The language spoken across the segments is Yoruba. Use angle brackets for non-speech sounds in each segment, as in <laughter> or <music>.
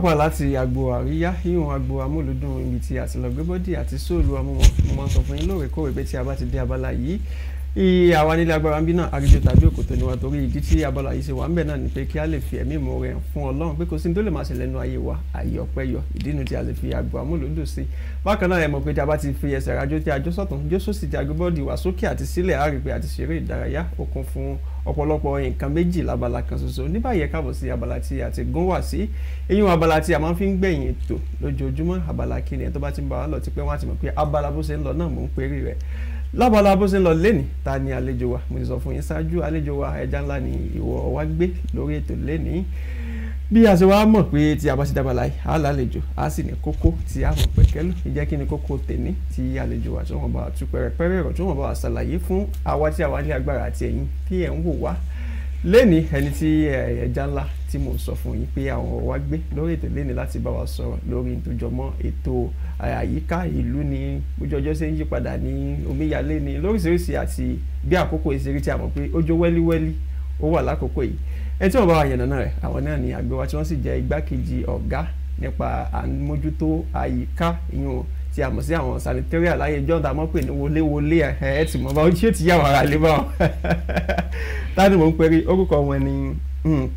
pàápàá láti agbo àríyá híhun agbo amúlùdùn ibi tí àtìlọ́gbẹ́bọ́dì àti sóòlù amúmọ́ mo máa ń sọ fún yín lóòrèkóòrè pé tí a bá ti dé abala yìí iye àwa nílé agbára bí náà àrídìó tàbí òkòtò ni wa torí ìdí tí abala yìí ṣe wà ń bẹ̀ náà ni pé kí a lè fi ẹ̀mí ìmoore fún ọlọ́run pé kò sí ní tó lè máa ṣẹlẹ̀ nínú ayé wa ayé ọpẹ́ yọ ìdí nu tí a lè fi àgbo amúlòdò sí bákan náà ẹ mọ̀ pé tí a bá ti fi ẹsẹ̀ rajó tí a jó sọ̀tún jó sósì tí a gbé bọ́ọ̀dì wá sókè àti sílẹ̀ á rí a ti ṣeré ìdárayá okun fún ọ̀pọ̀lọpọ̀ nǹkan méjì labala kan ṣoṣo ní báyìí ẹ káàbọ̀ sí abala tí a ti gún wá sí eyín abala tí a máa fi ń gbẹ̀yìn ètò lójoojúmọ́ abala kí ni ẹ tó bá ti ń bá wa lọ ti pẹ́ wọ́n á ti mọ̀ pé abala bó ṣe ń lọ náà mò ń perí rẹ̀ lábala bó ṣe ń lọ lẹ́nì ta ni àlejò wa mo ti sọ fún yín ṣáájú àlejò wa ẹja ńlá ni ìwọ wa gbé lórí ètò lẹ́nì bí a ṣe wá mọ̀ pé tí a bá ṣe dábàá láì á lálejò á sì ní kókó tí a mọ̀ pẹ̀kẹ́lù ìjẹ́ kí ni kókó tèmi tí àlejò wa tí wọ́n bá tú pẹ̀rẹ̀pẹ̀rẹ̀ ọ̀rọ̀ tí wọ́n bá wà ṣàlàyé fún àwa tí a wà ní agbára àti ẹ̀yin tí ẹ̀ ń wò wá lẹ́ni ẹni tí ẹja ńlá tí mo sọ fún yín pé àwọn wa gbé lórí ètò lẹ́ni láti bá wa sọ̀rọ̀ lórí ìtòjọmọ́ ètò àyíká ìlú ni ojú ọjọ́ ṣe ń yí padà ní omíyalé ni lóríṣiríṣi àti bí àkókò ìṣeré tí a mọ̀ pé ọjọ́ wẹ́líwẹ́lí ó wà lákòókò yìí ẹni tí wọ́n bá wa yànnàná rẹ̀ àwọn náà ni àgbẹ̀ wa tí wọ́n sì jẹ́ igbákejì ọ̀gá nípa àmójútó àyíká ìyún tí a mọ̀ sí àwọn sanitarial láyé john tá a mọ̀ pé ní wọléwọlé ẹ̀ ẹ̀ tì mọ́ bá ojú ètìyàwó ara lé bá wọn <laughs> tá ní mò ń pẹ́rí orúkọ wọn ni hmm,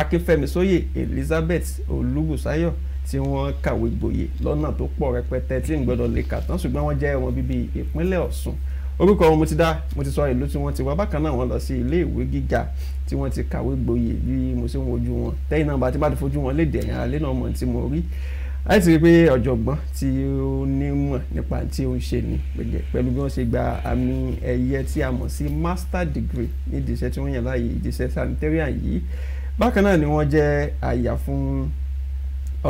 akínfẹ́mi sóyè elizabeth olúbùsáyọ̀ tí wọ́n kàwé gboyè lọ́nà tó pọ̀ rẹpẹtẹ tí ń gbọ́dọ̀ lè kà tán ṣùgbọ́n wọ́n jẹ́ ọmọ bíbí ìpínlẹ̀ ọ̀ṣun orúkọ wọn mo ti dá mo ti sọ ìlú tí wọ́n ti wá bákan náà wọ́n lọ sí ilé ìwé gíga tí wọ́n ti kàwé gboyè bí mo ṣe ń wojú wọn tẹ́yìn náà bá ti bá ti fojú wọn léde ẹ̀yìn alẹ́ náà mọ̀ tí mo rí láti rí i pé ọ̀jọ̀gbọ́n tí ó nímọ̀ nípa tí ó ń ṣe ni pẹ̀lú bí wọ́n ṣe gba àmì ẹ̀yẹ tí a mọ̀ sí master degree nídìí iṣẹ́ tí wọ́n yàn láàyè ìdíṣẹ́ sanitarian yìí bákan náà ni wọ́n jẹ́ àyà fún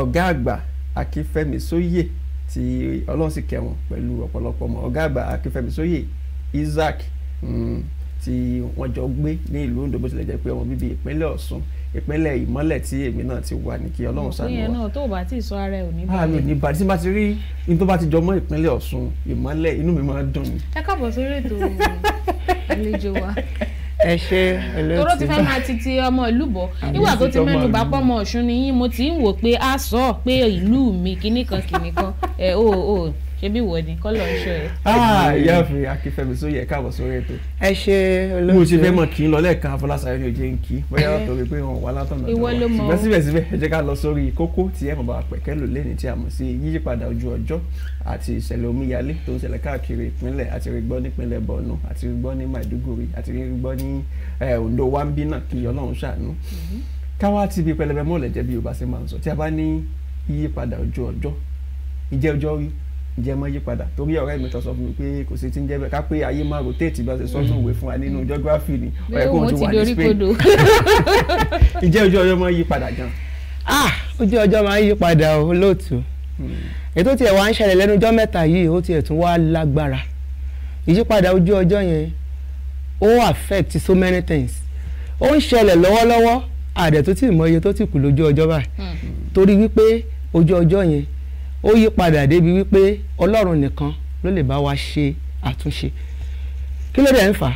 ọ̀gá àgbà akínfẹ́mi sóyè tí ọlọ́run sì kẹ́ wọn pẹ̀lú ọ̀pọ̀lọpọ̀ ọmọ ọ̀gá àgbà akínfẹ́mi sóyè isaac hmm, tí wọ́n jọ gbé ní ìlú ondo bó tilẹ̀ jẹ́ pé ọmọ bíbí ìpínlẹ̀ ọ̀ṣun ìpínlẹ̀ ìmọ́lẹ̀ tí èmi náà ti wà ní kí ọlọ́run ṣàánú wa. ìyẹn náà tó o bá ti sọ ara ẹ ò ní balẹ̀. àmì ní balẹ̀ tí n bá ti rí ní tó bá ti jọ mọ́ ìpínlẹ̀ ọ̀ṣun ìmọ́lẹ̀ inú mi máa ń dùn. ẹ káàbọ̀ sórí ètò <laughs> àlejò wa ẹ ṣe ẹlẹ́tì tóró ti fẹ́ máa ti ti ọmọ ìlú bọ̀ nígbà tó ti mẹ́nu bá pọ́ ọmọ ọ̀ṣun nìyí mo ti ń wò pé a sọ pé ìlú mi kìnnìkan kìnnìkan ẹ̀ o o ṣebí wọ ni kọ́ lọ ń ṣọ ẹ. Ah, ìyáàfin akínfẹ́mi sórí ẹ̀ káàbọ̀ sórí ètò. ẹ ṣe olóògbé. mo ṣe fẹ́ mọ̀ kí n lọ lẹ́ẹ̀kan afọláṣayọ ni òjé ń kí bóyá wọ́n eh, torí pé wọ́n wà látọ̀nà tó wà ṣùgbọ́n síbẹ̀síbẹ̀ ẹ jẹ́ ká lọ sórí kókó tí ẹ̀ mọ̀bà pẹ̀kẹ́ lò lẹ́ni tí a mọ̀ sí yíyípadà ojú ọjọ́ àti ìṣẹ̀lẹ̀ omíyalé tó ń ṣẹlẹ̀ káàkiri ìpínlẹ̀ àti rí jẹ́ mọ́ yípadà torí ọ̀rẹ́ mi tó sọ fún mi pé kò sí ti ń jẹ́ bẹ́ẹ̀ ká pé ayé máa rotate bá ṣe sọ́nù ìwé fún wa nínú mm. geography ni ọ̀rẹ́ kò tún wà ní Spain ìjẹ́ <laughs> ojú ọjọ́ máa ń yípadà gan. ah ojú ọjọ́ máa ń yípadà o lóòtú hmm. ètò tiẹ̀ wá ń ṣẹlẹ̀ lẹ́nu ọjọ́ mẹ́ta yìí ó tiẹ̀ tún wá lágbára ìyípadà ojú ọjọ́ yẹn ó affect so many things ó ń ṣẹlẹ̀ lọ́wọ́lọ́wọ́ àdẹ̀ tó ti mọ iye tó ti kù lójú ọjọ́ báyìí hmm. torí wípé ojú ọjọ́ yẹn ó yí padà débi wípé ọlọ́run nìkan ló lè bá wa ṣe àtúnṣe kí ló dẹ̀ ń fà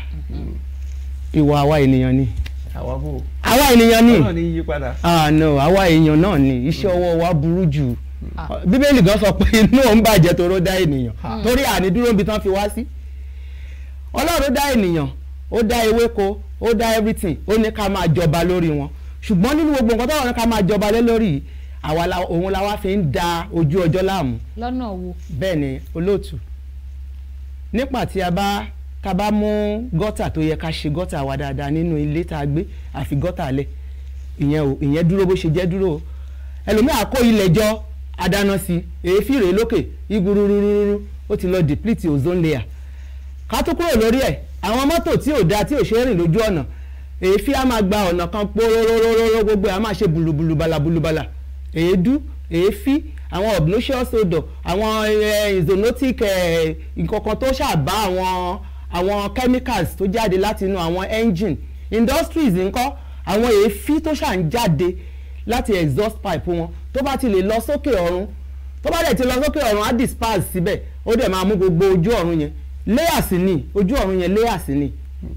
ìwà àwa ènìyàn ni àwa ènìyàn ni àná ah, àwa èèyàn náà ni iṣẹ́ mm. ọwọ́ wa burú jù ah. bíbélì gan sọ pé inú òun bàjẹ́ toró dá ènìyàn ah. torí àní dúró níbi tán fi wá sí ọlọ́run dá ènìyàn ó dá ewéko ó dá everything ó ní ká máa jọba lórí wọn ṣùgbọ́n nínú gbogbo nǹkan tó wà ní ká máa jọba lé lórí yìí àwa la òun la wá fi ń da ojú ọjọ́ láàmú. lọ́nà wo. bẹ́ẹ̀ ni olóòtú nípa tí a bá ká bá mú gọ́tà tó yẹ ká ṣe gọ́tà wa dáadáa nínú ilé tá a gbé àfi gọ́tà lẹ̀ ìyẹn o ìyẹn dúró bó ṣe jẹ́ dúró o ẹlòmíà kó ilẹ̀ jọ adáná sí èéfì rèé lókè igururururu ó ti lọ deplete ozone layer ká tó kúrò lórí ẹ̀ àwọn mọ́tò tí ò da tí ò ṣe é rìn lójú ọ̀nà èéfì á máa gba ọ̀nà kan póróróróró gbogbo ẹ̀ á máa ṣe bùlùbùlù bala bùlùbala. Bala èédú èéfí àwọn obnoxious odor àwọn eh, zoonotic eh, nkankan tó ṣàbá àwọn àwọn chemicals tó jáde láti inú àwọn engine industries ńkọ́ àwọn èéfín tó ṣà ń jáde láti exhaust pipe wọn tó bá ti lè lọ sókè ọ̀run tó bá dẹ̀ ti lọ sókè ọ̀run á disperse síbẹ̀ ó dẹ̀ máa mú gbogbo ojú ọ̀run yẹn layers ni ojú ọ̀run yẹn layers ni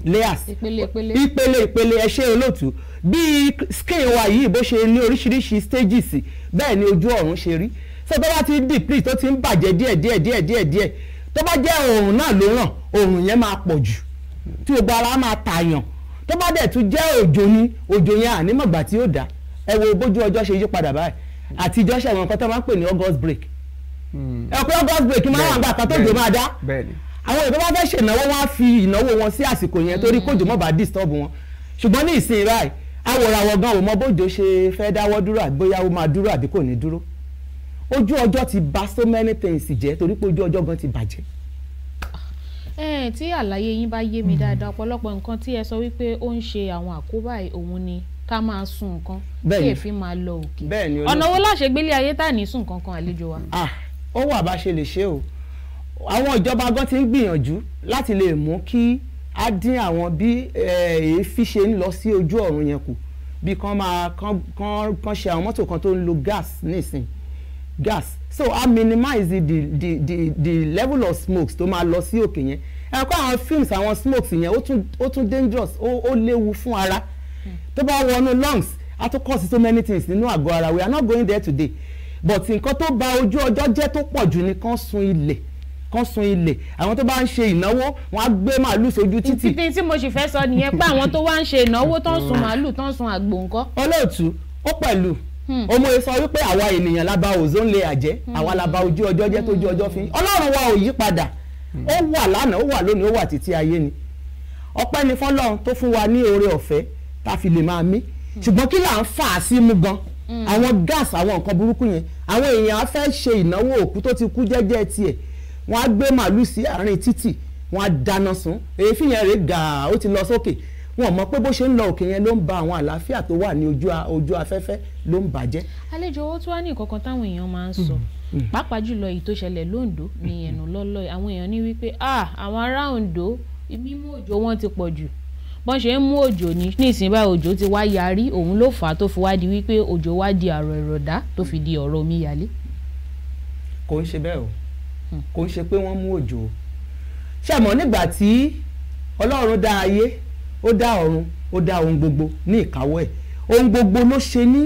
layers ìpele ìpele ẹ ṣe olóòtú bí scale wa yìí bó ṣe ní oríṣiríṣi stages bẹ́ẹ̀ ni ojú ọ̀run ṣe rí so tó bá ti deplete tó ti ń bàjẹ́ díẹ̀ díẹ̀ díẹ̀ díẹ̀ díẹ̀ tó bá jẹ́ oòrùn náà ló ràn oòrùn yẹn máa pọ̀ jù tí gbogbo ara máa tààyàn tó bá dẹ̀ tún jẹ́ òjò ni òjò yẹn ànímọ̀gbà tí ó dá ẹ wo bójú ọjọ́ ṣe yí padà báyìí àtijọ́ ṣẹ̀wọ̀n kan tó máa ń pè ní August break hmm. ẹ pé August break máa wà nígbà kan tó jò máa dá àwọn èèyàn tó bá fẹ́ ṣènáwó wọn á fi ìnáwó wọn sí àsìkò yẹn torí kòjò mọ̀ bá disturb wọn ṣùgbọ́n ní ìsìn báyìí awòràwọ̀ gan ò mọ bójò ṣe fẹ́ dáwọ́ dúró àbí bóyá ó máa dúró àbí kò ní dúró ojú ọjọ́ ti bà so many things jẹ́ torí pé ojú ọjọ́ gan ti bàjẹ́ ẹ̀ẹ́n tí àlàyé yín bá yé mi mm. dáadáa ọ̀pọ̀lọpọ̀ nǹkan tí ẹ sọ wípé ó ń ṣe àwọn àkóbá òun ni ká máa sun nǹkan kí èéfín máa lọ òkè ọ̀nà wo láṣẹ gbélé ayé tá à ní sun nǹkan kan àlejò wa. Ah, ó wà bá ṣe lè ṣe o àwọn ìjọba gan ti ń gbìyànjú láti lè mú kí á dín àwọn bí èéfín ṣe ń lọ sí ojú ọ̀run yẹn kù bí kan máa kan kan kan ṣe àwọn mọ́tò kan tó ń lo gas nísìn gas so I minimize the the the the level of smokes tó máa lọ sí òkè yẹn ẹ kọ́ àwọn films àwọn smokes yẹn ó tún ó tún dangerous ó ó léwu fún ara tó bá wọnú lungs a tún cause so many things nínú àgọ́ ara we are not going there today but nǹkan tó ba ojú ọjọ́ jẹ́ tó pọ̀ jù ni kan sun ilẹ̀ kán sun ilẹ̀ àwọn tó bá ń ṣe ìnáwó wọn á gbé màálù sójú títì. títí tí mo sì fẹ́ sọ nìyẹn pé àwọn tó wá ń ṣe ìnáwó tó ń sun màálù tó ń sun àgbò ńkọ́. olóòtú ó pẹ̀lú ọmọ hmm. yìí e sọ wípé àwa ènìyàn la ba ozone layer jẹ́ hmm. àwa la ba ojú ọjọ́ jẹ́ tójú ọjọ́ fi ọlọ́run wa ò yí padà hmm. ó wà lánàá ó wà lónìí ó wà títí ayé ni ọpẹ́ ni fọlọ́run tó fún wa ní oore ọ̀fẹ́ tá a fi lè máa mí ṣùgbọ́n kí là ń fà á sí mú gan àwọn gas àwọn nǹkan burúkú yẹn àwọn èèyàn á fẹ́ ṣe ìnáwó òkú tó ti kú jẹ́jẹ́ tiẹ̀ wọ́n á gbé màálù sí àárín títì wọ́n á dáná sun èéfín yẹn rèé gàá ó ti lọ sókè wọ́n mọ̀ pé bó ṣe ń lọ òkè yẹn ló ń ba àwọn àlàáfíà tó wà ní ojú afẹ́fẹ́ ló ń bàjẹ́. àlejò owó tó wá ní ìkọ̀kan táwọn èèyàn máa ń sọ mm-hmm. Mm-hmm. pàápàá jùlọ èyí tó ṣẹlẹ̀ lóńdó ní ẹ̀nù lọ́lọ́ àwọn èèyàn ní wípé ah àwọn ará Oǹdó mímú òjò wọn ti pọ̀ jù bọ́n ṣe ń mú òjò ní nísìnyí báyìí òjò ti wá yarí òun ló fà á tó fi wá di wípé òjò wá di àrò ìrọ̀dá tó fi di ọ̀rọ̀ omíyalé. kò ń ṣe bẹ́ẹ̀ o Hmm. kò ń ṣe pé wọ́n mú òjò ṣàmọ́ nígbà tí ọlọ́run dá ayé ó dá ọ̀run ó dá ohun gbogbo ní ìkáwọ́ ẹ̀ ohun gbogbo ló ṣe ní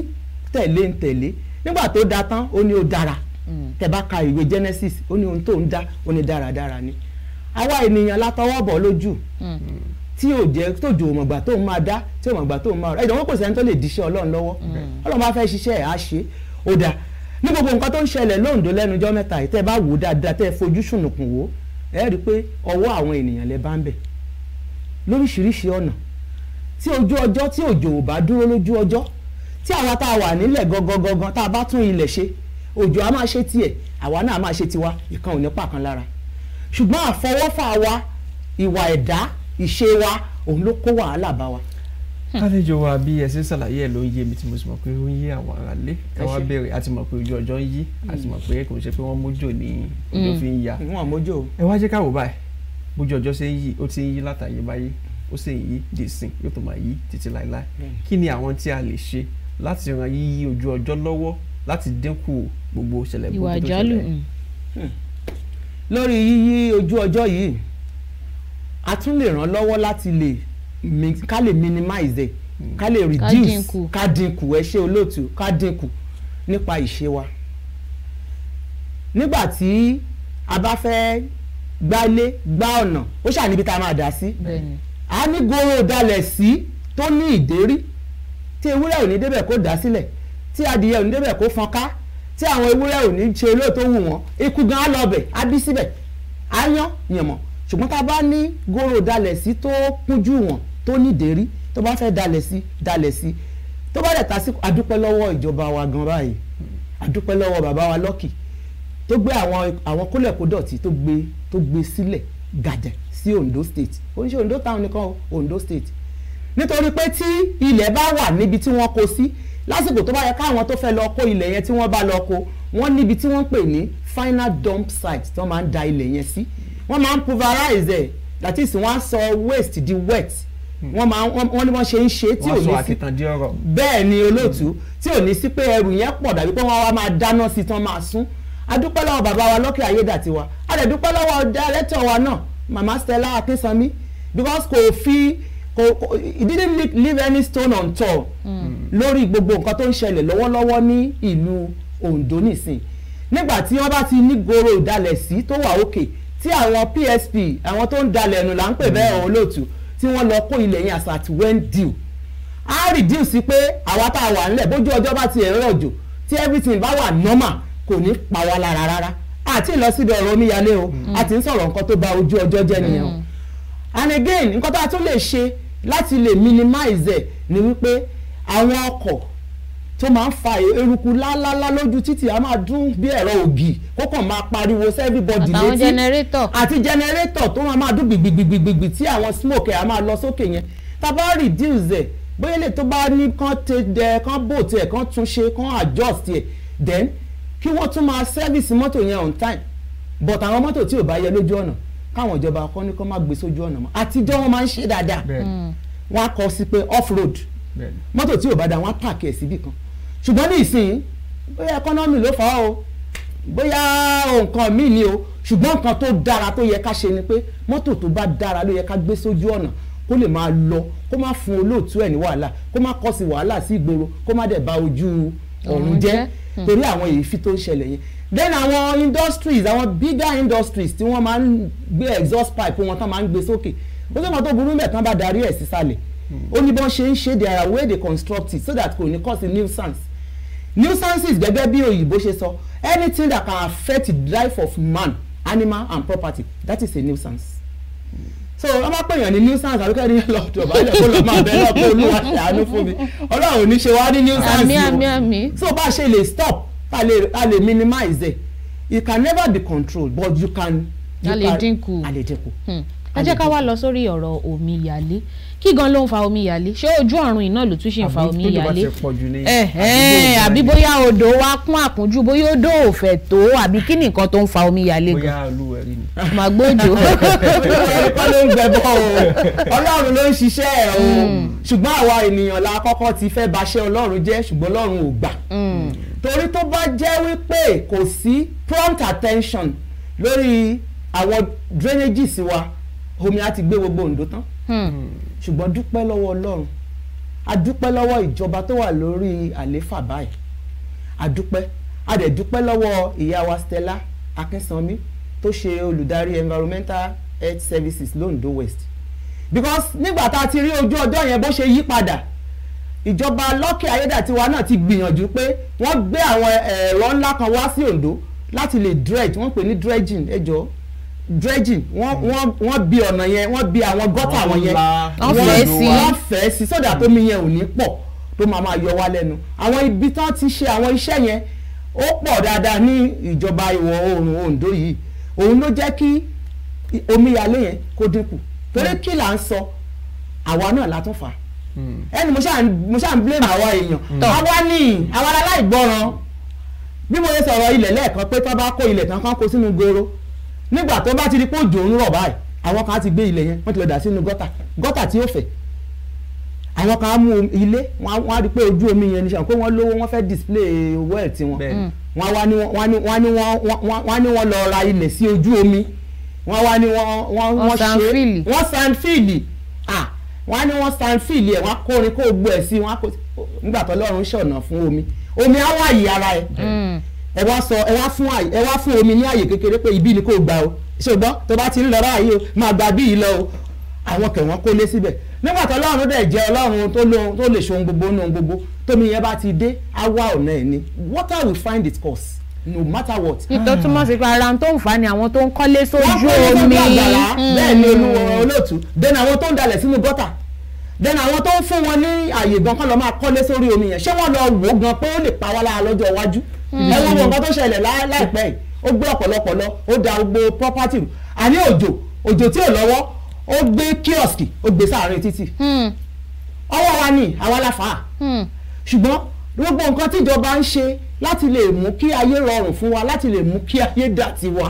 tẹ̀lé ń tẹ̀lé nígbà tó da tán ó ní ó dára hmm. tẹ́ ka ìwé Genesis ó ní ohun tó ń dá ó ní dáradára ni àwa ènìyàn látọwọ́bọ̀ lójú hmm. tí yóò jẹ́ tójú òmọ̀gbà tó ń máa dá tí òmọ̀gbà tó ń máa rẹ̀ ẹ̀jọ̀ wọn kò sẹ́ni tó lè díṣẹ́ Ọlọ́run lọ́wọ́ Ọlọ́run bá fẹ́ ṣiṣẹ́ ẹ̀ á ṣe ó dáa ní gbogbo nǹkan tó ń ṣẹlẹ̀ lóǹdó lẹ́nujọ́ mẹ́ta yìí tẹ́ ẹ bá wò dáadáa tẹ́ ẹ fojú sùnùkùn wò ẹ rí i pé ọwọ́ àwọn ènìyàn lẹ bá ń bẹ̀ lóríṣiríṣi ọ̀nà tí ojú ọjọ́ tí òjò ò bá dúró lójú ọjọ́ tí àwa tá a wà nílẹ̀ gangan tá a bá tún ilẹ̀ ṣe òjò á máa ṣe tiẹ̀ àwa náà á máa ṣe tiwa ìkan ò ní pàkan lára ṣùgbọ́n àfọwọ́fà wa ìwà ẹ̀dá ìṣe wa òun ló kó wàhálà bá wa lálejò hmm. wa bí ẹ ṣe ṣàlàyé ẹ ló yé mi tí mo sì mọ̀ pé ó ń yé àwọn ará lé káwá bẹ̀rẹ̀ àti mọ̀ pé ojú ọjọ́ ń yí àti hmm. mọ̀ pé kò ṣe pé wọ́n mójò ní hmm. ojú fi ń ya ẹ wá jẹ́ káwọ́ báyìí bójú ọjọ́ ṣe ń yí ó ti ń yí látàyè báyìí ó sì ń yí dìsìn yóò tó máa yí títí láéláé kí ni àwọn tí a lè ṣe láti ran yíyí ojú ọjọ́ lọ́wọ́ láti dínkù gbogbo ìṣẹ̀lẹ̀ burúkú tó ṣẹlẹ̀ lórí yíyí ojú ọjọ́ yìí a ká lè minimize ẹ̀ hmm. ká lè reduce ká dínkù ẹ ṣe olóòtú ká dínkù nípa ìṣe wa nígbà tí a bá fẹ́ gbálé gbá ọ̀nà ó ṣàní ibi tá a máa dà sí a ní goro dalẹ̀ sí tó ní ìdérí tí ewúrẹ́ ò ní débẹ̀ kó dà sílẹ̀ tí adìyẹ ò ní débẹ̀ kó fọn ká tí àwọn ewúrẹ́ ò ní ṣe olóòótọ́ wù wọ́n ikú gan á lọ bẹ̀ á bí síbẹ̀ á yán yànmọ́ ṣùgbọ́n tá a bá ní goro dalẹ̀ sí tó kúnjú wọn tó nídéérí tó bá fẹ́ dalẹ̀ sí dalẹ̀ sí tó bá dẹ̀ tásìkò adúpẹ́ lọ́wọ́ ìjọba wa gan báyìí adúpẹ́ lọ́wọ́ bàbá wa lọ́kì tó gbé àwọn àwọn kólẹ̀kódọ̀tì tó gbé tó gbé sílẹ̀ gàjẹ̀ sí Ondo State oníṣe Ondo town nìkan Ondo State nítorí pé tí ilẹ̀ bá wà níbi tí wọ́n kó sí lásìkò tó bá yẹ káwọn tó fẹ́ lọ kó ilẹ̀ yẹn tí wọ́n bá lọ kó wọ́n níbi tí wọ́n pè ní final dump site tí wọ́n máa ń da ilẹ̀ yẹn sí wọ́n máa ń pulverize ẹ̀ that is wọ́n á sọ waste di wet wọ́n máa wọ́n ní wọ́n ṣe ń ṣe tí ò ní sí wọ́n sọ àtìtàndí ọ̀rọ̀ bẹ́ẹ̀ ni olóòtú hmm. tí ò ní sí pé ẹrù yẹn pọ̀ dàbí pé wọ́n wá máa dáná sí tán máa sún adúpẹ́ lọ́wọ́ bàbá wa lọ́kẹ́ ayédàtiwa a dẹ̀ lọ́wọ́ dárẹ́tọ̀ wa náà màmá Stella Akínsanmí because kò fi kò it didn't leave any stone unturned hmm. lórí gbogbo nǹkan tó ń ṣẹlẹ̀ lọ́wọ́lọ́wọ́ ní ìlú Ondo nìsín nígbà tí wọ́n bá ti ní goro ìdalẹ̀ sí tó wà òkè tí àwọn PSP àwọn tó ń dalẹ̀ ẹnu là ń pè bẹ́ẹ̀ hmm. olóòtú tí wọ́n lọ kó ilẹ̀ yẹn as at when due á reduce pé àwa tá a wà nílẹ̀ bójú ọjọ́ bá ti ẹ̀rọ òjò tí everything bá wà normal kò ní pa wá lára rárá àti ìlọsíbi ọ̀rọ̀ omíyalé o àti mm. ń sọ̀rọ̀ nǹkan tó ba ojú ọjọ́ jẹ́ nìyẹn o mm. and again nǹkan tá a tún lè ṣe láti lè minimize ẹ̀ ni wípé àwọn ọkọ̀ tó máa ń fa eruku lálálá lójú títì a máa dún bí ẹ̀rọ ògì kó kàn máa pariwo sí létí àtàwọn jẹnẹrétọ̀ àti jẹnẹrétọ̀ tó máa máa dún gbìgbìgbìgbì tí àwọn smoke ẹ̀ a máa lọ sókè yẹn tá a bá reduce ẹ̀ bóyá lè tó bá ní kán tẹ dẹ kán bò tiẹ̀ kán túnṣe kán adjust ẹ̀ then kí wọ́n tún máa service mọ́tò yẹn on time but àwọn mọ́tò tí ò bá yẹ lójú ọ̀nà káwọn ìjọba kọ́ ní kó má gbé sójú ọ̀nà mọ́ àtijọ́ wọn máa ń ṣe dáadáa wọn á off road mọ́tò tí ò bá da wọn á pààkì ẹ̀ síbì kan ṣùgbọ́n ní ìsìn bóyá ẹkọ́nọ́mì ló fà á o bóyá nǹkan míì ni o ṣùgbọ́n nǹkan tó dára tó yẹ ká ṣe ni pé mọ́tò tó bá dára ló yẹ ká gbé sójú ọ̀nà kó lè máa lọ kó má fún olóòtú ẹ̀ ní wàhálà kó má kọ́ sí wàhálà sí ìgboro kó má dẹ̀ ba ojú ọ̀run jẹ́ torí àwọn èéfì tó ń ṣẹlẹ̀ yẹn then àwọn industries àwọn bigger industries tí wọ́n máa ń gbé exhaust pipe wọn tán máa ń gbé sókè ó sì mọ́ tó burú mẹ́ẹ̀ tán bá darí ẹ̀ sísàlẹ̀ ó ní bọ́n ṣe ń ṣe their way they construct it so that kò ní cause a nuisance nuisances gẹ́gẹ́ bí òyìnbó ṣe sọ anything that can affect the life of man animal and property that is a nuisance so wọ́n bá pèèyàn ní nuisance àbíkẹ́ ní lọ́dọ̀ balẹ̀ kó lọ́ọ́ máa bẹ́ẹ̀ lọ́ọ́ pé olúwa ṣàánú fún mi ọlọ́run ní ṣe wá ní nuisance àmì àmì àmì so bá a ṣe lè stop a lè a lè minimize it it can never be controlled but you can. a lè dínkù a lè dínkù. Hmm ẹ jẹ́ ká wá lọ sórí ọ̀rọ̀ omíyalé kí gan ló ń fa omíyalé ṣé ojú ọ̀run iná ló tún ṣì ń fa omíyalé àbí bóyá odò wa kún àkúnjú bóyá odò ò fẹ̀ tó àbí kí nìkan tó ń fa omíyalé gan. bóyá olúwẹ̀rí ni. màgbójo. <laughs> ọlọ́run ló ń gbẹbọ o ọlọ́run ló ń ṣiṣẹ́ ẹ̀ o hmm. ṣùgbọ́n àwa ènìyàn la kọ́kọ́ ti fẹ́ baṣẹ́ ọlọ́run jẹ́ ṣùgbọ́n ọlọ́run ò gbà. Hmm. torí tó bá jẹ́ wípé kò sí prompt attention lórí àwọn drainages wa. Mm omi á ti gbé gbogbo Oǹdó tán hmm. ṣùgbọ́n dúpẹ́ lọ́wọ́ Ọlọ́run adúpẹ́ lọ́wọ́ ìjọba tó wà lórí àléfà báyìí adúpẹ́ adẹ̀dúpẹ́ lọ́wọ́ ìyá wa Stella Akínsanmi tó ṣe olùdarí environmental health services l'Ondo West because nígbà tá a ti rí ojú ọjọ́ yẹn bó ṣe yí padà ìjọba lọ́kẹ́ ayédàtiwa náà ti gbìyànjú pé wọ́n gbé àwọn eh, ẹ̀rọ ńlá kan wá sí Oǹdó láti lè dredge wọ́n pè ní dredging ẹjọ́ dredging wọ́n wọ́n wọ́n bí ọ̀nà yẹn wọ́n bí àwọn gọ́tà wọn yẹn wọ́n fẹ́ sí wọ́n fẹ́ sí sódà tó mi yẹn ò ní pọ̀ tó máa máa yọ wá lẹ́nu àwọn ibi tán ti ṣe àwọn iṣẹ́ yẹn ó pọ̀ dáadáa ní ìjọba ìwọ̀ oòrùn Oǹdó yìí òun ló jẹ́ kí omíyalé yẹn kó dínkù torí kí là ń sọ àwa náà la tún fà á hmm. ẹni mo ṣáà ń blame àwa èèyàn hmm. àwa ni àwa aláìgbọràn bí mo yẹ sọ̀rọ̀ ilẹ̀ lẹ́ẹ̀kan pé tó bá kó ilẹ̀ tán kán kó sínú goro nígbà tó bá ti di pé òjò ń rọ̀ báyìí àwọn kan á ti gbé ilẹ̀ yẹn wọ́n ti lọ dà sínú gọ́tà gọ́tà tí ó fẹ̀ àwọn kan á mú ilé wọ́n á rí pé ojú omi yẹn nìṣàn pé wọ́n lówó wọ́n fẹ́ display well tiwọn wọ́n wá ní wọ́n lọ ra ilẹ̀ sí ojú omi wọ́n wá ní wọ́n ṣe wọ́n sanfíìlì wọ́n á ní wọ́n sanfíìlì ẹ̀ wọ́n á kórin kó gbọ́ ẹ̀ sí wọ́n á kó nígbà tó lọ́run ṣọ̀nà fún omi omi á wà yí ara ẹ̀ mm ẹ wá sọ ẹ wá fún ẹ wá fún omi ní àyè kékeré pé ibi ni kò gbà o ṣùgbọ́n tó bá ti ń lọ ráàyè o máa gba bí ìlọ o àwọn kẹ̀wọ́n kó lé síbẹ̀ nígbà tó ọlọ́run dẹ̀ jẹ́ ọlọ́run tó lóhun tó lè ṣohun gbogbo ohun gbogbo tómi yẹn bá ti dé á wá ọ̀nà ẹ̀ ni water will find its course no matter what. ìtọ́ túmọ̀ sí pé ara tó ń fa ni àwọn tó ń kọ́lé sójú omi. Hmm. bẹ́ẹ̀ ni olóòtú then àwọn tó ń àwọn tó ń fún wọn ní àyè gan kán lọ máa kọ́lé sórí omi yẹn ṣé wọ́n lọ wò gan pé ó lè pa wá lára lọ́jọ́ iwájú ẹ wo wọn mm-hmm. nǹkan tó ṣẹlẹ̀ láìpẹ́ yìí ó gbé ọ̀pọ̀lọpọ̀ lọ ó da gbogbo property àní òjò òjò tí ò lọ́wọ́ ó gbé kíọ̀sì ó gbé sáàárín títì hmm. ọwọ́ wa ni àwa la fà á hmm. ṣùgbọ́n gbogbo nǹkan tíjọba ń ṣe láti lè mú kí ayé rọrùn fún wa láti lè mú kí ayé dà tiwa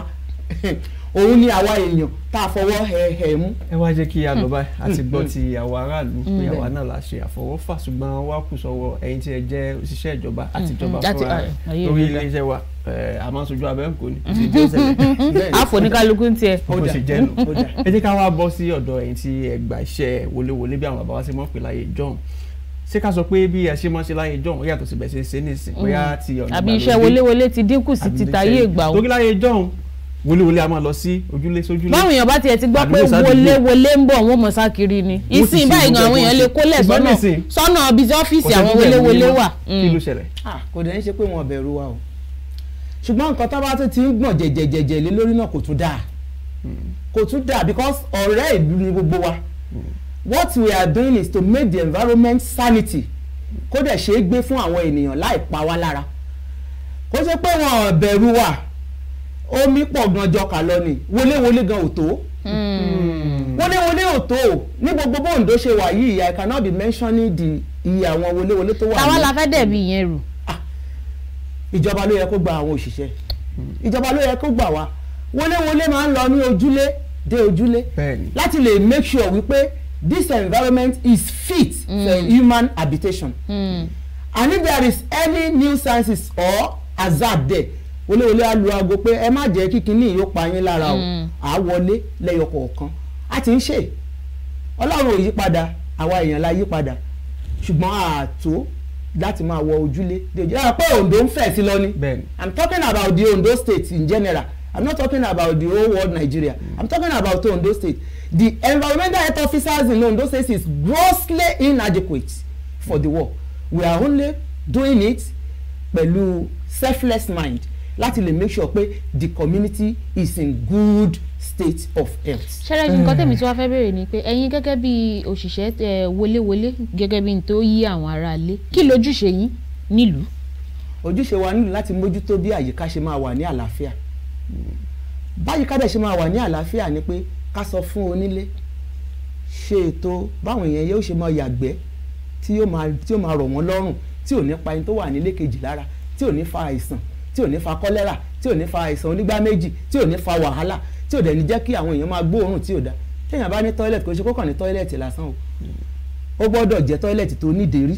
<laughs> òun ni àwa èèyàn tá a fọwọ́ ẹ̀ẹ̀ mú. ẹ wá jẹ́ kí a lọ hmm. báyìí àti hmm. gbọ́ hmm. ti àwa aráàlú pé àwa náà la ṣe àfọwọ́fà ṣùgbọ́n wá kù sọ́wọ́ ẹ̀yin tí ẹ jẹ́ òṣìṣẹ́ ìjọba àti ìjọba fúnra rẹ̀ torí iléeṣẹ́ wa a máa ń sojú abẹ́ ń kò <laughs> ní. àfoníkálukú ń tiẹ̀. ó sì jẹ́ nù ẹ jẹ́ ká wá bọ́ sí ọ̀dọ̀ ẹ̀yin tí ẹ gbà iṣẹ́ wọléwọlé bí àwọn bàbá wa ṣe mọ̀ pé láyé john ṣé ká sọ pé bí ẹ ṣe mọ́ ṣe láyé john ó yàtọ̀ síbẹ̀ ṣe ń ṣe nísìnyí bóyá ti ọ̀nà ìgbàlódé àbí iṣẹ́ wọléwọlé ti dínkù sí ti tayé ìgbà òun. torí láyé john Wole a máa lọ sí ojúlé sójúlé. báwọn èèyàn bá tiẹ̀ ti gbọ́ pé wole ń bọ̀ wọ́n mọ̀ sákiri ni ìsìn báyìí gan àwọn èèyàn lè kólẹ̀ sọ́nà sọ́nà bíi ọ́fíìsì àwọn wọléwọlé wà. kí ló mm. ṣẹlẹ̀. Ah, kò dẹ̀ ń ṣe pé wọn bẹ̀rù wa o ṣùgbọ́n nǹkan tó bá tún ti ń gbọ̀n jẹ̀jẹ̀jẹ̀jẹ̀ lé lórí náà kò tún dáa mm. kò tún dáa because ọ̀rẹ́ ìlú ni gbogbo wa mm. what we are doing is to make the environment sanity kó dẹ̀ ṣe é gbé fún àwọn ènìyàn láì pa wá lára kó ṣe pé wọn bẹ̀rù wa omi pọ̀ gan jọkà lọ ni wọléwọlé gan ò tó hmm. wọléwọlé ò tó ní gbogbo bóńdó ṣe wà yìí i cannot be mentioning the iye àwọn wọléwọlé tó wà. táwa la fẹ́ dẹ̀bi ìyẹn rù. Ah, ìjọba ló yẹ kó gba àwọn òṣìṣẹ́ ìjọba ló yẹ kó gbà wá wọléwọlé máa ń lọ ní ojúlé dé ojúlé láti lè make sure wípé this environment is fit mm. for hmm. human habitation mm. and if there is any nuisances or hazard there olóyèlé á lu aago pé ẹ má jẹ́ kí kinní yóò pa yín lára o à hmm. á wọlé lẹ́yọ kọ̀ọ̀kan a ti ń ṣe ọlọ́run ò yípadà àwa èèyàn la yípadà ṣùgbọ́n ààtò láti máa wọ ojúlé dé ojúlé àpẹ Ondo ń fẹ̀ sí lọ i'm talking about the Ondo state in general i'm not talking about the whole world Nigeria i'm talking about Ondo state the environmental health officers in Ondo state is grossly inadequate for the work we are only doing it pẹ̀lú selfless mind láti lè make sure pé the community is in good state of health. ṣẹlẹ nǹkan tẹ̀mí mm. tí wàá fẹ́ bèèrè ni pé ẹ̀yin gẹ́gẹ́ bí òṣìṣẹ́ wọléwọlé gẹ́gẹ́ bí n tó yí àwọn aráalé kí lójúṣe yín nílùú. ojúṣe wa nílùú láti mójútó bí àyíká ṣe máa wà ní àlàáfíà báyìí ká dẹ̀ ṣe máa wà ní àlàáfíà ni pé ká sọ fún onílé ṣe ètò báwọn èèyàn yóò ṣe máa yàgbẹ́ tí yóò máa rọ̀ wọ́n lọ́rùn tí ò ní pa ẹni tó wà nílé kejì lára tí ò ní fa àìsàn tí ò ní fa kọ́lẹ́rà tí ò ní fa àìsàn onígbá méjì tí ò ní fa wàhálà tí ò dẹ̀ ní jẹ́ kí àwọn èèyàn máa gbóòórùn tí ò da téèyàn bá ní tọ́ílẹ̀tì kò ṣe kó ní tọ́ílẹ̀tì lásán o ó gbọ́dọ̀ jẹ́ tọ́ílẹ̀tì tó nídèérí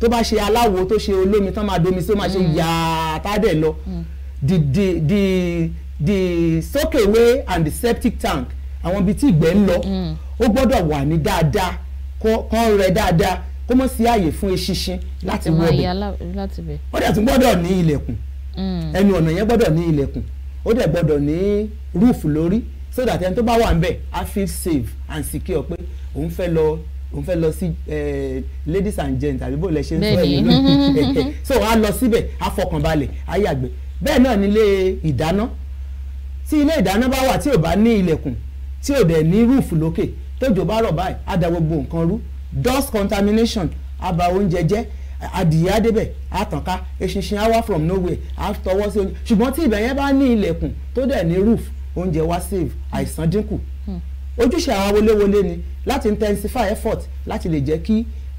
tó bá ṣe aláwo tó ṣe olómi tán máa domi sí ó máa ṣe mm. yàá tá dẹ̀ lọ mm. the the the the soakaway and the septic tank àwọn ibi tí ìgbẹ́ ń lọ mm. ó gbọ́dọ̀ wà ní dáadáa kán rẹ dáadáa kó mọ̀ sí àyè fún eṣinṣin láti wọbẹ̀ ó dẹ̀ tún gbọ́dọ̀ ní ilẹ̀kùn Mm. ẹnu ọ̀nà yẹn gbọ́dọ̀ ní ilẹ̀kùn ó dẹ̀ gbọ́dọ̀ ní rúùfù lórí so that ẹni tó bá wà ńbẹ̀ á feel safe and secure pé òun fẹ́ lọ òun fẹ́ lọ sí ladies and gents àbí bó lẹ ṣe ń sọ ẹ̀yìn lónìí <laughs> so á lọ síbẹ̀ á fọkànbalẹ̀ á yàgbẹ́ bẹ́ẹ̀ náà nílé ìdáná tí ilé ìdáná bá wà tí ò bá ní ilẹ̀kùn tí ò dẹ̀ ní rúùfù lókè tójò bá rọ̀ báyìí á da gbogbo nǹkan rú dust contamination á ba oúnjẹ jẹ́ adìyẹ adébẹ̀ àtànká eṣinṣin awa from nowhere àtọwọ́ sí oúnjẹ ṣùgbọ́n tí ibẹ̀ yẹn bá ní ilẹ̀kùn tó dẹ̀ ní roof oúnjẹ wa save àìsàn dínkù hmm. ojúṣe àwọn wọléwọlé ni láti intensify effort láti lè jẹ́ kí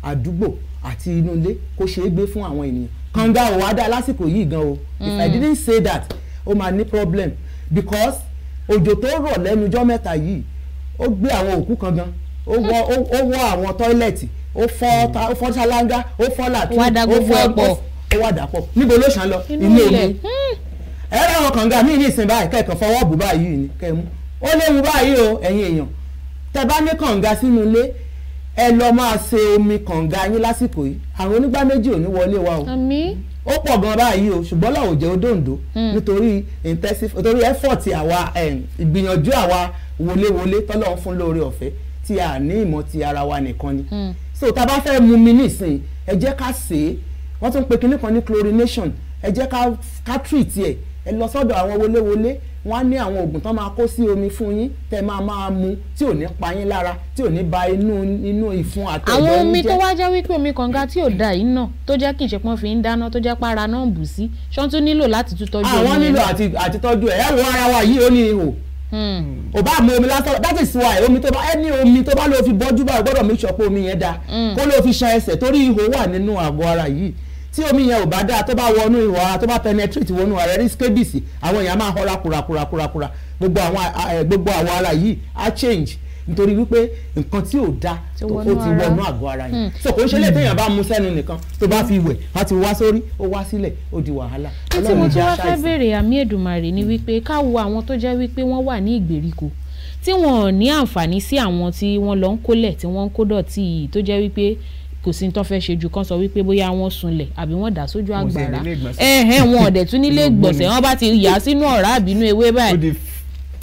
àdúgbò àti inú ilé kó ṣeé gbé fún àwọn ènìyàn Kanga, ò wá dá lásìkò yìí gan o if i hmm. didn't say that ó máa ní problem because òjò tó rọ̀ lẹ́nujọ́ mẹ́ta yìí ó gbé àwọn òkú kan gan ó wọ́ àwọn tọ́ílẹ̀tì ó fọ́ hmm. ta ó fọ́ ṣáláńgá ó fọ́ làtú ó fọ́ ẹ̀pọ̀ ó wà dàpọ̀ níbo ló ṣàn lọ inú ilé hmm. ẹ̀rọ àwọn kànga míì ní ìsìn báyìí kẹ́ẹ̀kan fọwọ́ bù báyìí ni kẹ́ẹ̀ ó léwu báyìí o ẹ̀yin èèyàn tẹ́ bá ní kànga sínú ilé ẹ lọ máa ṣe omi kànga yín lásìkò yìí àwọn onígbá méjì ò ní wọlé wa o ó pọ̀ gan báyìí o ṣùgbọ́n làwọn ò jẹ́ odòǹdó hmm. nítorí intensive nítorí effort àwa ìgbìyànjú àwa wọléwọlé tọ́lọ́run fún lóore ọ̀fẹ́ tí a ní ìmọ̀ ti ara wa nìkan ni. Mm so tá a bá fẹ́ mu mi nísìn ẹ jẹ́ ká sè é wọ́n tún pe kinní kan ní chlorination ẹ jẹ́ ká ká treat ẹ̀ ẹ lọ sọ́dọ̀ àwọn wọléwọlé wọ́n á ní àwọn oògùn tán máa kó sí omi fún yín tẹ́ máa máa mu tí ò ní pa yín lára tí ò ní ba inú inú ìfun àtẹ̀gbẹ́ yín àwọn omi tó wá jẹ́ wípé omi kànga tí ò da yìí náà tó jẹ́ kí ìṣepọ́n fi ń dáná tó jẹ́ para náà bù sí ṣọ́n tún nílò láti tún tọ́jú ah, omi. àwọn nílò àti tọ́jú ẹ̀ ẹ̀ wọ ara wa yìí ó ní ihò ò hmm. mu omi lásán that is why omi tó bá ẹni omi tó bá lọ fi bọ́jú báyìí gbọ́dọ̀ make sure pé omi yẹn dáa hmm. kó fi ṣan ẹsẹ̀ torí ihò wà nínú àgọ́ ara yìí tí omi yẹn ò bá dáa tó bá wọnú ihò ara tó bá penetrate wọnú ara rí scabies àwọn èèyàn máa gbogbo àwọn eh, gbogbo àwọn ara yìí nítorí wípé nǹkan tí ò da tó ti wọnú àgọ́ ara yẹn hmm. so kò ń ṣe lè hmm. téèyàn bá mu sẹ́nu nìkan tó bá fi wẹ̀ á ti wá sórí ó wá sílẹ̀ ó di wàhálà. ní tí mo tún wá fẹ́ béèrè àmì Èdùmàrè ni wípé ká wo àwọn tó jẹ́ wípé wọ́n wà ní ìgbèríko tí wọn ò ní àǹfààní sí àwọn tí wọ́n lọ ń kólẹ̀ tí wọ́n ń kó dọ̀tí yìí tó jẹ́ wípé kò sí tó fẹ́ ṣe jù kan sọ wípé bóyá wọ́n sunlẹ̀ àbí wọ́n dà sójú àgbàrá ẹ̀hẹ́n wọn ọ̀dẹ̀ tún nílé ìgbọ̀nsẹ̀ wọn bá ti yà sínú ọ̀rá àbínú ewé báyìí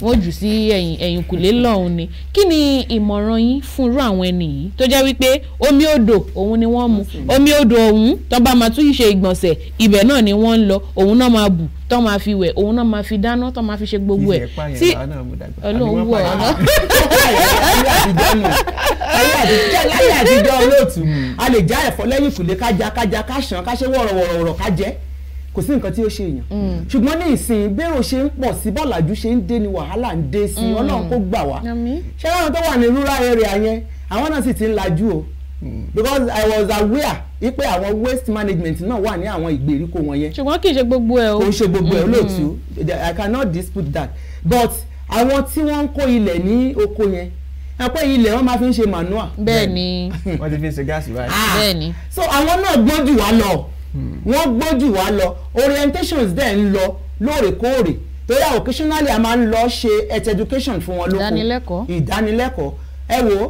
wọ́n jù sí ẹ̀yìn ẹ̀yìnkùlé lọ́hùn ni kí ni ìmọ̀ràn yín fún irú àwọn ẹni yìí tó jẹ́ wípé omi odò òun ni wọ́n mu omi odò ọ̀hún tó bá máa tún ṣe ìgbọ̀nsẹ̀ ibẹ̀ náà ni wọ́n ń lọ òun náà máa bù tó máa fi wẹ̀ òun náà máa fi dáná tó máa fi ṣe gbogbo ẹ̀ tí ọlọ́run wù ọ́ lọ. ayé àtijọ́ olóòtú a lè já ẹ̀fọ́ lẹ́yìn ìkùlé kájà kájà káṣán káṣe wọ̀rọ̀wọ̀rọ̀ ká jẹ́ kò sí nǹkan tí ó ṣe èèyàn mm. ṣùgbọ́n ní ìsìn bérò ṣe ń pọ̀ sí bọ́làjú ṣe ń dé ni wàhálà ń dé sí mm. ọlọ́run kó gbà wá ṣé láwọn tó wà ní rural area yẹn àwọn náà sì ti ń lajú o mm. because I was aware wípé àwọn waste management náà wà ní àwọn ìgbèríko wọn yẹn. ṣùgbọ́n kì í ṣe gbogbo ẹ̀ o. kò ṣe gbogbo ẹ̀ olóòtú I cannot dispute that but àwọn tí wọ́n ń kó ilẹ̀ ní oko yẹn apẹ́ ilẹ̀ wọ́n máa fi ń ṣe manua. bẹ́ẹ̀ ni wọ́n ti fi ń ṣe gáàsì báyìí. Ah! bẹ́ẹ̀ ni. so àwọn náà gbọ́n jù wá lọ wọ́n gbójú wa lọ orientations dẹ̀ ń lọ lóòrèkóòrè torí àwọn occasionally a máa ń lọ ṣe health education fún wọn lóko ìdánilẹ́kọ̀ọ́ ìdánilẹ́kọ̀ọ́ ẹ wo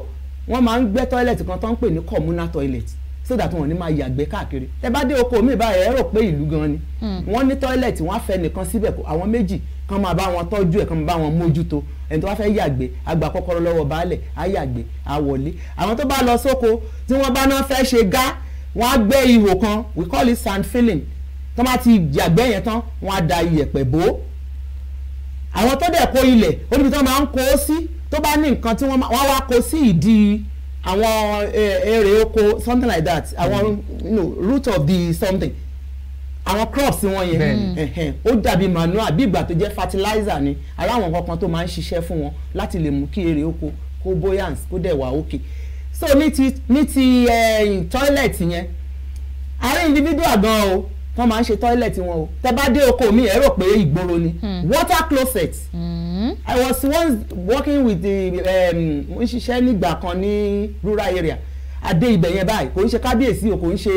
wọ́n máa ń gbẹ́ toilet kan tó ń pè ní communal toilet so that wọn ò ní máa yàgbẹ́ káàkiri ẹ bá dé oko mi báyìí ẹ rò pé ìlú gan ni hmm. wọ́n ní toilet wọ́n á fẹ́ nìkan síbẹ̀ àwọn méjì kan máa bá wọn tọ́jú ẹ̀ kan máa bá wọn mójútó ẹni tó bá fẹ́ yàgbẹ́ àgbà kọ́kọ́rọ́ lọ́wọ́ baálẹ̀ á yàgbẹ́ á wọlé àwọn tó bá lọ sóko tí wọ́n bá náà fẹ́ ṣe gá wọ́n á gbẹ́ ihò kan we call it sand filling tó bá ti yàgbẹ́ yẹn tán wọ́n á da iyẹ̀pẹ̀ bò ó àwọn tó dẹ̀ kó ilẹ̀ ó níbi tó máa ń kó sí tó bá ní nǹkan tí wọ́n wá kó sí ìdí àwọn èrè oko something like that àwọn mm. you know, root of the something àwọn crops wọn yẹn mm. ó dàbí manua. bí ìgbà tó jẹ́ fertilizer ni ara àwọn kankan tó máa ń ṣiṣẹ́ fún wọn láti lè mú kí èrè oko kó buoyance kó dẹ̀ wà òkè. Okay so ní ti ní ti eh, tọ́ílẹ̀tì yẹn àárín individual gan o wọ́n máa ń ṣe tọ́ílẹ̀tì wọn o tẹ bá dé oko mi ẹ rò pé ìgboro ni hmm. water closet hmm. i was once working with the n ṣiṣẹ́ nígbà kan ní rural area adé ibẹ̀ yẹn báyìí kò ń ṣe kábíyèsí o kò ń ṣe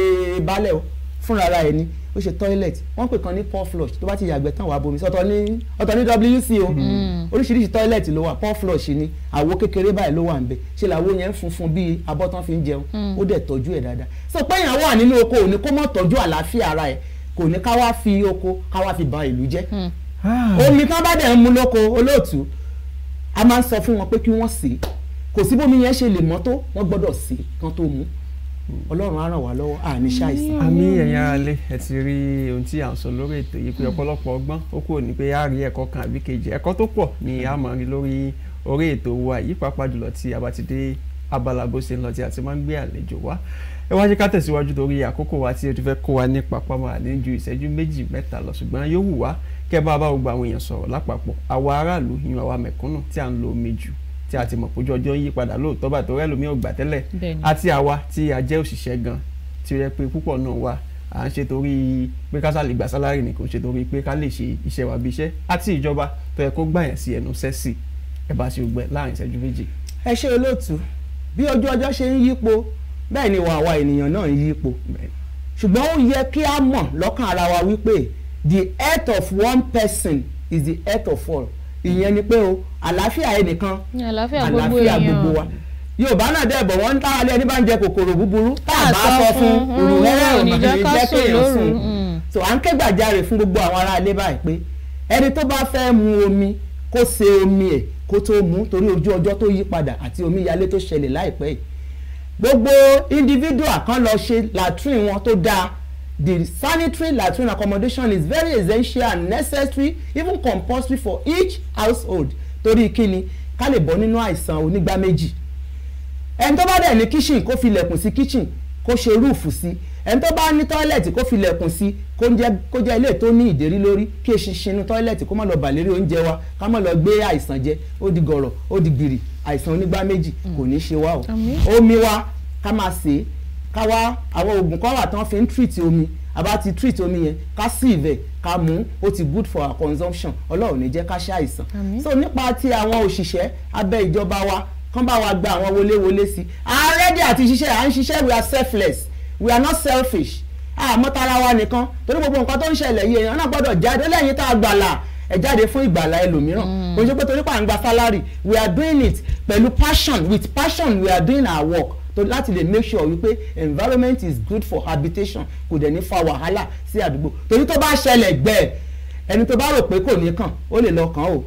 baálẹ̀ o fúnra ara ẹni ó ṣe toilet wọ́n pè kan ní pore flush tó bá ti yàgbẹ́ tán wàá bomi sọ́tọ̀ ní ọ̀tọ̀ ní WC o hmm. oríṣiríṣi toilet ló wà pore flush ni àwo kékeré báyìí ló wà ń bẹ ṣe làwo yẹn ń funfun bíi abọ́ tán fi ń jẹun hmm. ó dẹ̀ tọ́jú ẹ̀ dáadáa sọ pé èèyàn wà nínú oko ò ní kó mọ̀ tọ́jú àlàáfíà ara ẹ̀ kò ní ká wá fi oko ká wá fi ba ìlú jẹ́ hmm. ah. omi tán bá dẹ̀ ń mu lóko olóòtú a máa ń sọ fún wọn pé kí wọ́n sè é kò sí yẹn ṣe lè mọ́ wọ́n gbọ́dọ̀ sè é kán tó mu ọlọ́run á ràn wá lọ́wọ́ àní ṣàìsàn. àmì ẹ̀yin ara lé ẹ ti rí ohun tí à ń sọ lórí ètò yìí pé hmm. ọ̀pọ̀lọpọ̀ ọgbọ́n ó kúrò ní pé a rí ẹ̀kọ́ kan àbí kejì ẹ̀kọ́ tó pọ̀ ni a máa rí lórí orí ètò wa yìí pàápàá jùlọ tí a bá ti dé abala bó ṣe ń lọ tí a ti máa ń gbé àlejò wá ẹ wá jẹ́ ká tẹ̀síwájú torí àkókò wa tí o ti fẹ́ kó wa ní papá máa ní ju ìṣẹ́jú méjì mẹ́ta lọ ṣùgbọ́n yóò wù wá kẹ́ bá bá gbogbo àwọn èèyàn sọ̀rọ̀ lápapọ̀ àwa aráàlú ìyún àwa mẹ̀kúnnù tí à ń lo omi jù tí a ti mọ̀ pójú ọjọ́ yí padà lóòótọ́ bá tó rẹ́lòmí ọ̀gbà tẹ́lẹ̀ àti àwa tí a jẹ́ òṣìṣẹ́ gan tí ó yẹ pé púpọ̀ náà wà à ń ṣe torí pé ká sá lè sálárì ni ṣe torí pé ká lè ṣe iṣẹ́ wa bí iṣẹ́ àti ìjọba tó yẹ kó gbà yẹn sí ẹnu sẹ́sì ẹ bá ṣe gbẹ láàrin ìṣẹ́jú méjì. ẹ ṣe olóòtú bí ojú ọjọ́ ṣe ń yípo bẹ́ẹ̀ ni wà àwa ènìyàn náà ń yípo ṣùgbọ́n ó yẹ kí a mọ̀ lọ́kàn ara wa wípé the health of one person is the health of all ìyẹn ni pé o àlàáfíà ẹnìkan àlàáfíà gbogbo wa yorùbá náà dẹ̀bọ̀ wọ́n ń tára lé ẹni bá ń jẹ kòkòrò búburú tá a bá sọ fún òru mm, rẹ́rẹ́ òun àti ìjẹ́ èèyàn sùn mm. so à ń ké gbàjarè fún gbogbo àwọn ará ilé báyìí pé ẹni tó bá fẹ́ mu omi kó se omi ẹ̀ kó tó mu torí ojú ọjọ́ tó yí padà àti omíyalé tó ṣẹlẹ̀ láìpẹ́ yìí gbogbo individual kan lọ ṣe latrine wọn tó dáa the sanitary latrine accommodation is very essential and necessary even compulsory for each household torí kíni ká lè bọ́ nínú àìsàn onígbá méjì ẹni tó bá dẹ̀ ní kitchen kó fi ilẹ̀kùn sí kitchen kó ṣe rúùfù sí ẹni tó bá ní tọ́ílẹ̀tì kó fi sí kó jẹ́ ilé tó ní ìdérí lórí kí eṣinṣin inú tọ́ílẹ̀tì kó má lọ bà lérí oúnjẹ wa ká má lọ gbé àìsàn jẹ ó di gọ̀rọ̀ ó di gbìrì àìsàn onígbá méjì kò ní ṣe wá o omi wa ká máa sè é ká wá àwọn oògùn kan wà tán fi ń treat omi àbá ti treat omi yẹn ká sí ìvẹ̀ ká mú ó ti good for our consumption ọlọ́run ní jẹ́ ká ṣàìsàn so nípa ti àwọn òṣìṣẹ́ abẹ́ ìjọba wa kán bá wa gba àwọn wọléwọlé sí already àti ṣiṣẹ́ à ń ṣiṣẹ́ we are selfless we are not selfish àmọ́tara wa nìkan torí gbogbo nǹkan tó ń ṣẹlẹ̀ yìí èèyàn náà gbọ́dọ̀ jáde lẹ́yìn tá a gbàlà ẹ jáde fún ìgbàlà ẹlòmíràn mm. kò torí pé salary we are doing it pẹ̀lú passion with passion we are doing our work so láti lè make sure wípé environment is good for habitation kò dẹ̀ ní fa wàhálà sí àdúgbò torí tó bá ṣẹlẹ̀ gbẹ ẹni tó bá rò pé kò ní kàn ó lè lọ kàn ó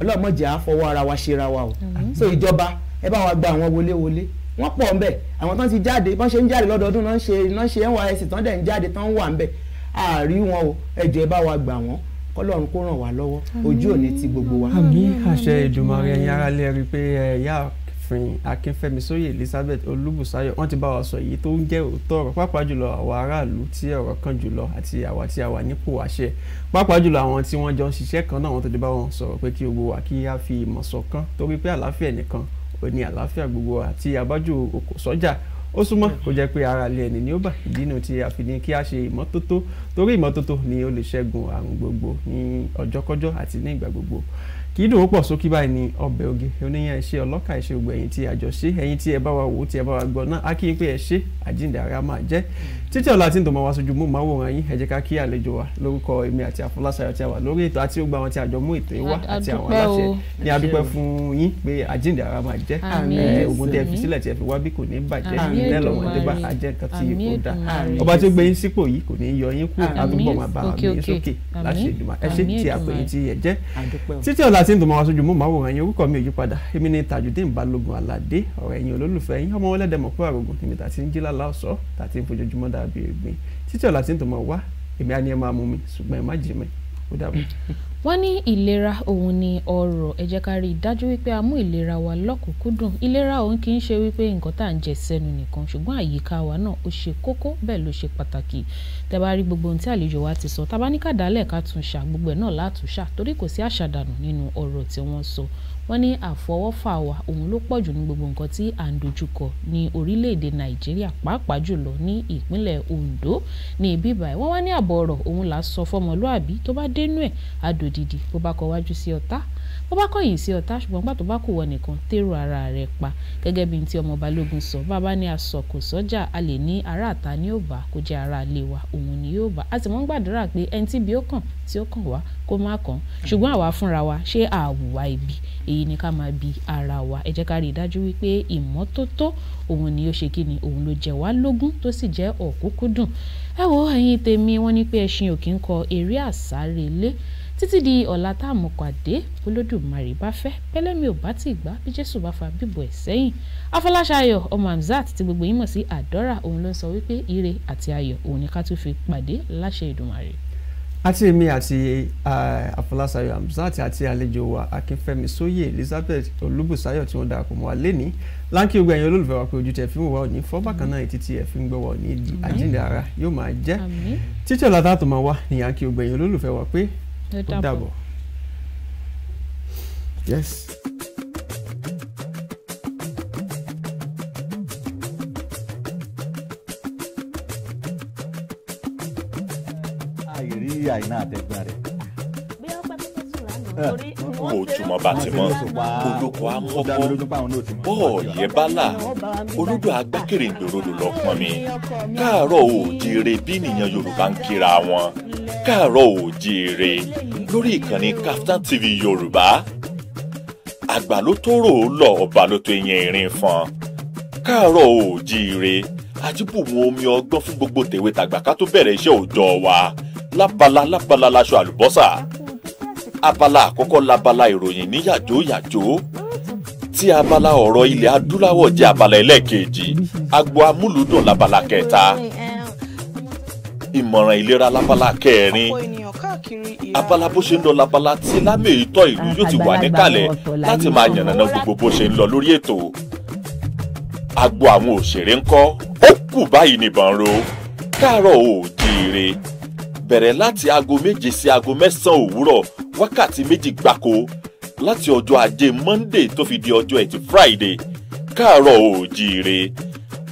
ọlọ́mọdé á fọwọ́ ara wa ṣe ra wa o so ìjọba ẹ bá wa gba àwọn wọléwọlé wọ́n pọ̀ ńbẹ̀ àwọn tán ti jáde bọ́n ṣe ń jáde lọ́dọọdún náà ń ṣe náà ń ṣe NYSC tán dẹ̀ ń jáde tán ń wà ńbẹ̀ àárí wọn o ẹjọ́ ẹ bá wa gbà wọ́n kọlọ́run kó ràn wá lọ́wọ́ ojú òní ti gbogbo wa. àmì àṣẹ Èdùmàrè ẹ̀yin aráalé rí i pé ẹ̀yà amòfin akínfẹ́mi sóyè elizabeth olúbùsáyọ̀ wọ́n ti bá wa sọ èyí tó ń jẹ́ òótọ́ ọ̀rọ̀ pàápàá jùlọ àwa aráàlú tí ọ̀rọ̀ kan jùlọ àti àwa tí a wà nípò àṣẹ pàápàá jùlọ àwọn tí wọ́n jọ ń ṣiṣẹ́ kan náà wọ́n tó ti bá wọn sọ̀rọ̀ pé kí gbogbo wa kí a fi ìmọ̀ ṣọ̀kan torí pé àlàáfíà nìkan ò ní àlàáfíà gbogbo àti àbájù òkò sọ́jà ó súnmọ́ kó jẹ́ pé ara ilé ẹni ni ó bà ìdí tí a fi ní kí a ṣe ìmọ́tótó torí ìmọ́tótó ni ó lè ṣẹ́gun àrùn gbogbo ní ọjọ́kọ́jọ́ àti ní ìgbà gbogbo kì í dòwó pọ̀ sókè báyìí ní ọbẹ̀ oge oníyàn ẹ̀ṣẹ́ ọlọ́kà ẹ̀ṣẹ́ gbogbo ẹ̀yìn tí àjọṣe ẹ̀yìn tí ẹ bá wa wò ó tí ẹ bá wa gbọ́ náà á kí n pé ẹ̀ṣẹ́ àjíǹde ara máa jẹ́ títí ọ̀la tí ń tòmọ̀ wá sójú mú máwòrán yín ẹ jẹ́ ká kí àlejò wa lórúkọ èmi àti àfọláṣayọ̀ tí a wà lórí ètò àti gbogbo àwọn tí a jọ mú ètò yìí wá àti àwọn aláṣẹ ní adúpẹ́ fún yín pé àjíǹde ara máa jẹ́ ogun tí ẹ fi sílẹ̀ tí ẹ fi wá bí kò ní bàjẹ́ ìlẹ́ lọ́wọ́ ẹ bá a jẹ́ nǹkan tí kò dá ọba tí ó gbé yín sípò yìí kò ní yọ yín kú àdúgbò máa bá àmì yín sókè láṣẹ ìdùnmọ̀ ẹ ṣe tí a pè àbí ègbín títí ọ̀la tí ń tó máa wá èmi á ní ẹ máa mú mi ṣùgbọ́n ẹ má jì mí ó dàbọ̀. <laughs> wọ́n ní ìlera òun ni ọrọ̀ ẹ jẹ́ ká rí i dájú wípé a mú ìlera wa lọ́kùnkúndùn ìlera òun kì í ṣe wípé nǹkan tá à ń jẹ sẹ́nu nìkan ṣùgbọ́n àyíká wa náà ó ṣe kókó bẹ́ẹ̀ ló ṣe pàtàkì tẹ́ bá rí gbogbo ohun tí àlejò wa ti sọ tá a bá ní ká dálẹ̀ ká tún ṣà gbogbo ẹ̀ náà látúnṣà torí kò sí àṣàdànù nínú ọ̀rọ̀ tí wọ́n sọ wọ́n ní àfọwọ́fà wa òun ló pọ̀jù ní gbogbo nǹkan tí à ń dojúkọ ní orílẹ̀-èdè nàìjíríà pàápàá jùlọ ní ìpínlẹ̀ ondo ní ibi báyìí wọ́n wá ní àbọ̀ ọ̀rọ̀ òun là á sọ fọ́mọlúàbí tó bá dénú ẹ̀ adòdìdì bó bá kọ wájú sí ọ̀tá ó bá kọ̀yìn sí ọ̀tá ṣùgbọ́n gbà tó bá kù wọ nìkan tẹ́rù ara rẹ̀ pa gẹ́gẹ́ bí ti ọmọ balógun sọ bàbá ní aṣọ kò sọ́jà a lè ní ará àta ní yóò kó jẹ́ ará ilé wa òun ni yóò bá a sì mọ́ ń gbàdúrà pé ẹni tí bí ó kàn tí ó kàn wá kó má kàn ṣùgbọ́n àwa fúnra wa ṣé àwùwá ibi èyí ni ká máa bi ara wa ẹ jẹ́ ká rí i dájú wípé ìmọ́tótó òun ni ó ṣe kí ni òun ló jẹ wá lógún tó sì jẹ́ ọ̀kúnkúndùn ẹ wo ẹ̀yin tèmi wọ́n ní pé ẹṣin ò kọ eré àsárelé títí di ọ̀la tá a mọ̀ pàdé olódùmarè bá fẹ́ pẹ́lẹ́mi ò bá ti gbà bí jésù bá fa bíbọ̀ ẹ̀ sẹ́yìn afọláṣayọ̀ ọmọ hamzat tí gbogbo yín mọ̀ sí àdọ́rà òun ló ń sọ wípé ire àti ayọ̀ òun ni ká tún fi pàdé láṣẹ ìdùnmàrè. àti èmi àti afọláṣayọ̀ hamzat àti àlejò wa akínfẹ́mi sóyè elizabeth olúbùsáyọ̀ tí wọ́n darapọ̀ mọ́ wa lẹ́ni láńkì ogun ẹ̀yin olólùfẹ́ wa pé ojú tẹ̀ fi ń wá òní fọ́ bákan náà ètí tí ẹ̀ fi ń gbọ́ wa òní di àjíǹde ara yóò máa jẹ́ títí ọ̀la tá máa wá ní ogun ẹ̀yin olólùfẹ́ wa pé Ah. ó dàbọ̀ yes. àìrí àìná àtẹ̀gbọ́n rẹ̀ kò túmọ̀ bàtí mọ́ olóko amọ́kọ́ bọ́ọ̀lì bálà olódò agbákèrè ìgbòròdò lọ́pọ̀ mi káàárọ̀ oòjíire bí nìyẹn yorùbá ń kíra wọn káàárọ̀ òjíire lórí ìkànnì Kaftan TV Yorùbá àgbà ló tó rò ó lọ ọba ló tó yẹn ìrìn fọn káàárọ̀ òjíire àjíbùmọ̀ omi ọgbọ́n fún gbogbo tèwe tàgbà ká tó bẹ̀rẹ̀ iṣẹ́ òòjọ́ wa lábala lábala laṣọ àlùbọ́sà abala àkọ́kọ́ labala ìròyìn ní yàjó yàjó tí abala ọ̀rọ̀ ilẹ̀ adúláwọ̀ jẹ́ abala ẹlẹ́ẹ̀kejì agbo amúlùúdùn labala kẹta ìmọ̀ràn ìlera lábala kẹrin abala bó ṣe ń lọ labala tí lámì ìtọ́ ìlú yóò ti wà níkàlẹ̀ láti máa yànnàná gbogbo bó ṣe ń lọ lórí ètò agbo àwọn òṣèré ń kọ́ ó kù báyìí nìbọn ro káàárọ̀ oòjíire bẹ̀rẹ̀ láti aago méje sí aago mẹ́sàn-án òwúrọ̀ wákàtí méjì gbáko láti ọjọ́ ajé monday tó fi di ọjọ́ ẹtì friday káàárọ̀ oòjíire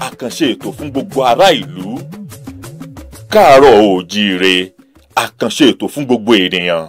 àkànṣe ètò fún gbogbo ará ìlú káàárọ̀ oòjíire àkànṣe ètò fún gbogbo ènìyàn.